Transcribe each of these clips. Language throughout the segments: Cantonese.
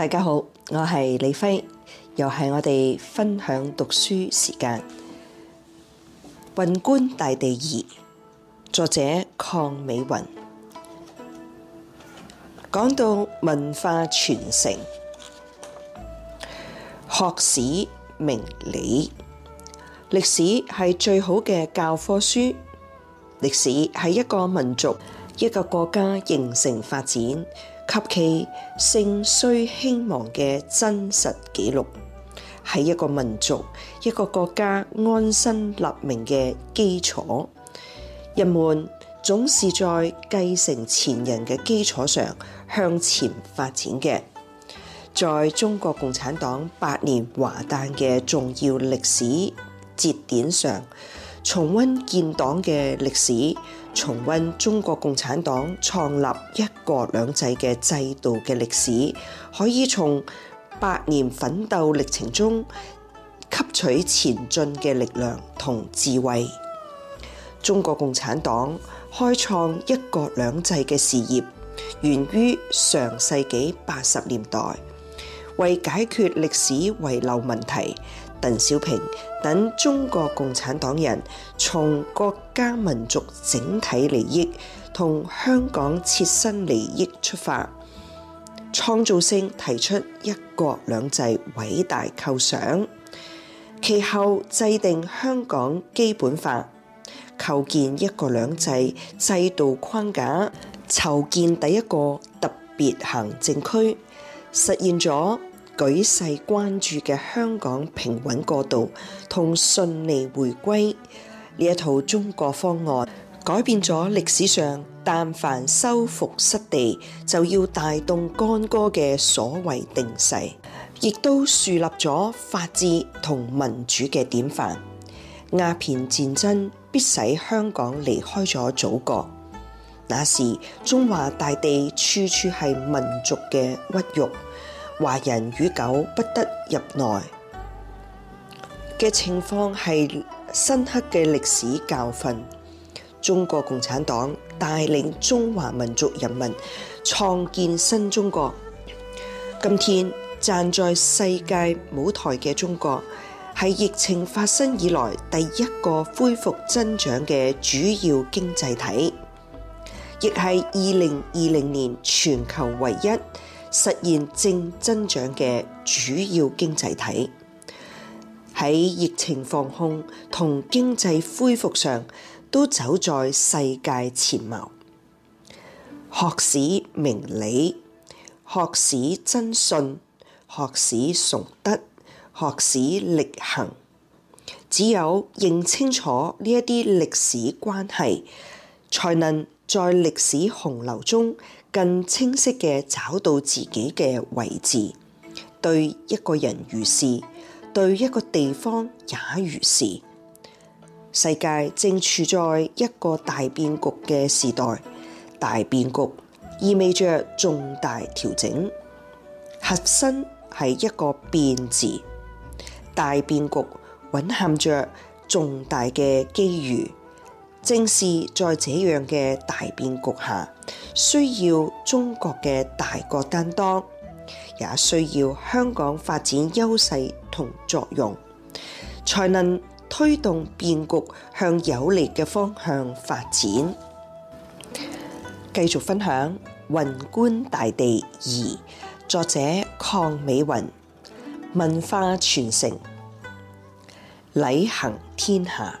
大家好，我係李輝，又係我哋分享讀書時間。雲觀大地二，作者鄺美雲。講到文化傳承，學史明理，歷史係最好嘅教科書。歷史係一個民族、一個國家形成發展。及其盛衰興亡嘅真實記錄，係一個民族、一個國家安身立命嘅基礎。人們總是在繼承前人嘅基礎上向前發展嘅。在中國共產黨百年華誕嘅重要歷史節點上。重温建黨嘅歷史，重温中國共產黨創立一國兩制嘅制度嘅歷史，可以從百年奮鬥歷程中吸取前進嘅力量同智慧。中國共產黨開創一國兩制嘅事業，源於上世紀八十年代，為解決歷史遺留問題。鄧小平等中國共產黨人從國家民族整體利益同香港切身利益出發，創造性提出一國兩制偉大構想，其後制定香港基本法，構建一國兩制制度框架，籌建第一個特別行政區，實現咗。舉世關注嘅香港平穩過渡同順利回歸呢一套中國方案，改變咗歷史上但凡收復失地就要大動干戈嘅所謂定勢，亦都樹立咗法治同民主嘅典範。鴉片戰爭必使香港離開咗祖國，那時中華大地處處係民族嘅屈辱。華人與狗不得入內嘅情況係深刻嘅歷史教訓。中國共產黨帶領中華民族人民創建新中國。今天，站在世界舞台嘅中國，係疫情發生以來第一個恢復增長嘅主要經濟體，亦係二零二零年全球唯一。實現正增長嘅主要經濟體，喺疫情防控同經濟恢復上都走在世界前茅。學史明理，學史真信，學史崇德，學史力行。只有認清楚呢一啲歷史關係，才能在歷史洪流中，更清晰嘅找到自己嘅位置，對一個人如是，對一個地方也如是。世界正處在一個大變局嘅時代，大變局意味着重大調整，核心係一個變字，大變局蘊含着重大嘅機遇。正是在這樣嘅大變局下，需要中國嘅大國擔當，也需要香港發展優勢同作用，才能推動變局向有利嘅方向發展。繼續分享《雲觀大地二》，作者鄺美雲，文化傳承，禮行天下。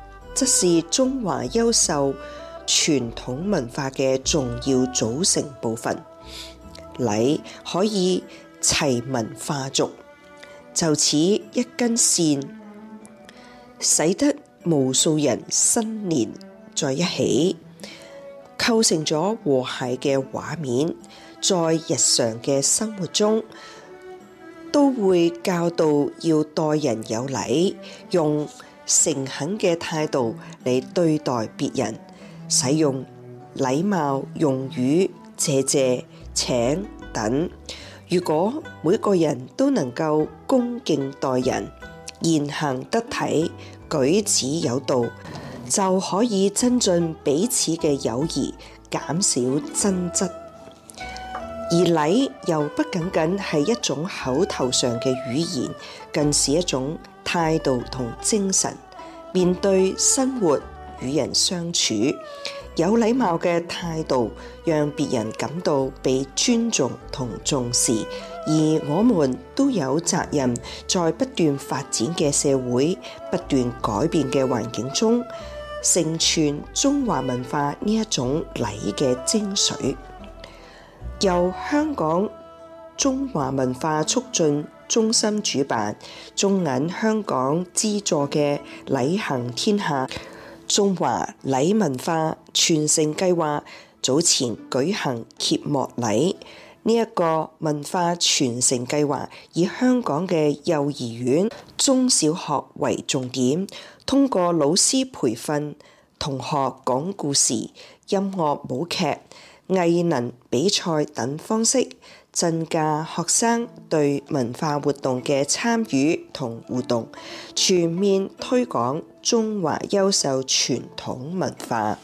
則是中華優秀傳統文化嘅重要組成部分。禮可以齊文化俗，就似一根綫，使得無數人新年在一起，構成咗和諧嘅畫面。在日常嘅生活中，都會教導要待人有禮，用。誠懇嘅態度嚟對待別人，使用禮貌用語，謝謝、請等。如果每個人都能夠恭敬待人，言行得體，舉止有道，就可以增進彼此嘅友誼，減少爭執。而禮又不僅僅係一種口頭上嘅語言，更是一種。態度同精神面對生活與人相處，有禮貌嘅態度，讓別人感到被尊重同重視。而我們都有責任，在不斷發展嘅社會、不斷改變嘅環境中，承傳中華文化呢一種禮嘅精髓。由香港中華文化促進中心主辦、中銀香港資助嘅禮行天下中華禮文化傳承計劃早前舉行揭幕禮。呢一個文化傳承計劃以香港嘅幼兒園、中小學為重點，通過老師培訓、同學講故事、音樂舞劇、藝能比賽等方式。增加學生對文化活動嘅參與同互動，全面推廣中華優秀傳統文化。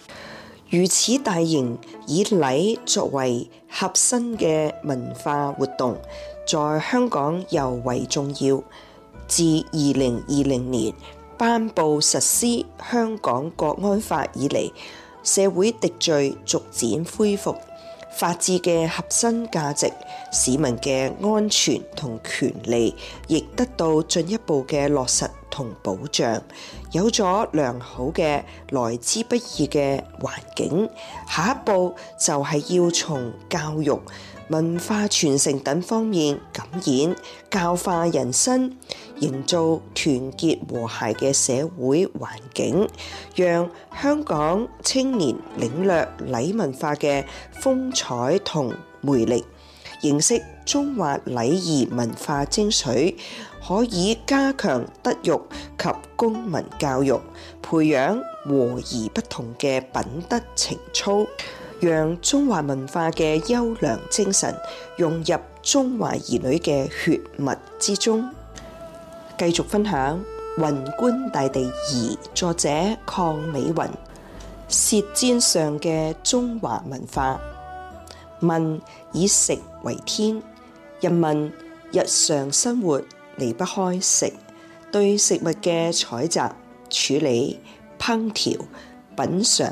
如此大型以禮作為核心嘅文化活動，在香港尤為重要。自二零二零年頒布實施香港國安法以嚟，社會秩序逐漸恢復。法治嘅核心價值，市民嘅安全同權利，亦得到進一步嘅落實同保障，有咗良好嘅來之不易嘅環境。下一步就係要從教育。文化傳承等方面感染教化人生，營造團結和諧嘅社會環境，讓香港青年領略禮文化嘅風采同魅力，認識中華禮儀文化精髓，可以加強德育及公民教育，培養和而不同嘅品德情操。讓中華文化嘅優良精神融入中華兒女嘅血脈之中。繼續分享《雲觀大地二》，作者鄺美雲。舌尖上嘅中華文化，民以食為天，人民日常生活離不開食，對食物嘅採集、處理、烹調、品嘗。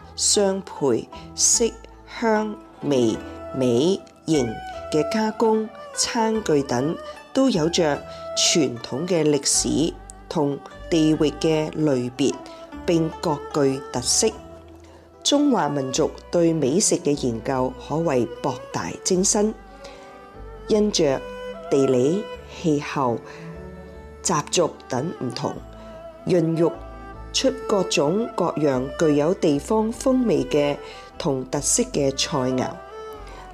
相配色香味美型嘅加工餐具等都有着傳統嘅歷史同地域嘅類別，並各具特色。中華民族對美食嘅研究可謂博大精深，因着地理氣候、習俗等唔同，孕育出各種各樣具有地方風味嘅同特色嘅菜肴，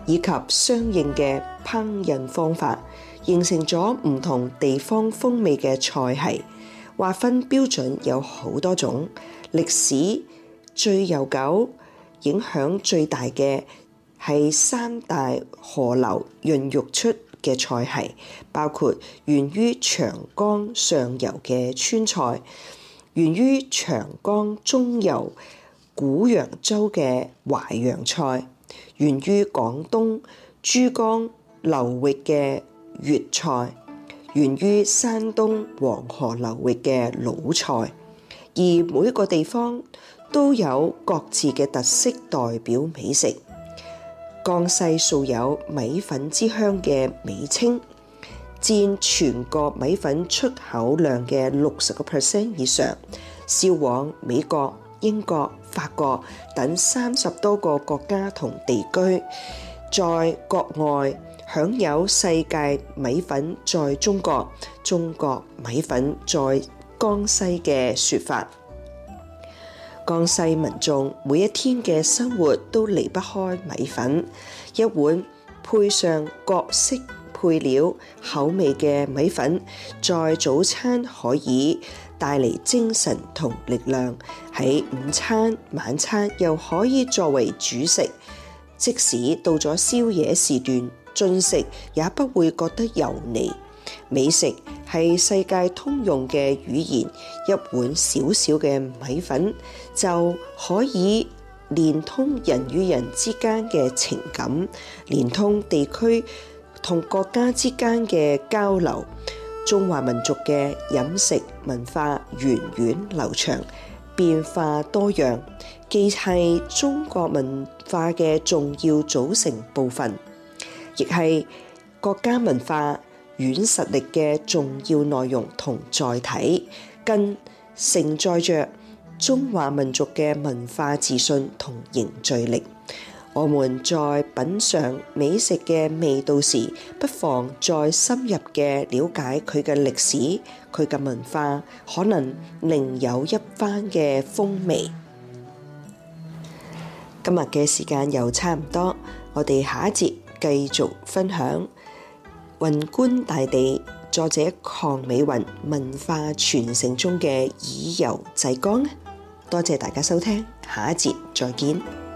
以及相應嘅烹飪方法，形成咗唔同地方風味嘅菜系。劃分標準有好多種，歷史最悠久、影響最大嘅係三大河流孕育出嘅菜系，包括源於長江上游嘅川菜。源於長江中游古揚州嘅淮揚菜，源於廣東珠江流域嘅粵菜，源於山東黃河流域嘅魯菜，而每一個地方都有各自嘅特色代表美食。江西素有米粉之鄉嘅美稱。佔全國米粉出口量嘅六十個 percent 以上，銷往美國、英國、法國等三十多個國家同地區，在國外享有世界米粉在中國、中國米粉在江西嘅說法。江西民眾每一天嘅生活都離不開米粉，一碗配上各式配料口味嘅米粉，在早餐可以帶嚟精神同力量，喺午餐晚餐又可以作為主食。即使到咗宵夜時段進食，也不會覺得油膩。美食係世界通用嘅語言，一碗小小嘅米粉就可以連通人與人之間嘅情感，連通地區。同國家之間嘅交流，中華民族嘅飲食文化源遠流長，變化多樣，既係中國文化嘅重要組成部分，亦係國家文化軟實力嘅重要內容同載體，更承載著中華民族嘅文化自信同凝聚力。我們在品嘗美食嘅味道時，不妨再深入嘅了解佢嘅歷史、佢嘅文化，可能另有一番嘅風味。今日嘅時間又差唔多，我哋下一節繼續分享《雲觀大地》，作者鄺美雲文化傳承中嘅以游濟江。多謝大家收聽，下一節再見。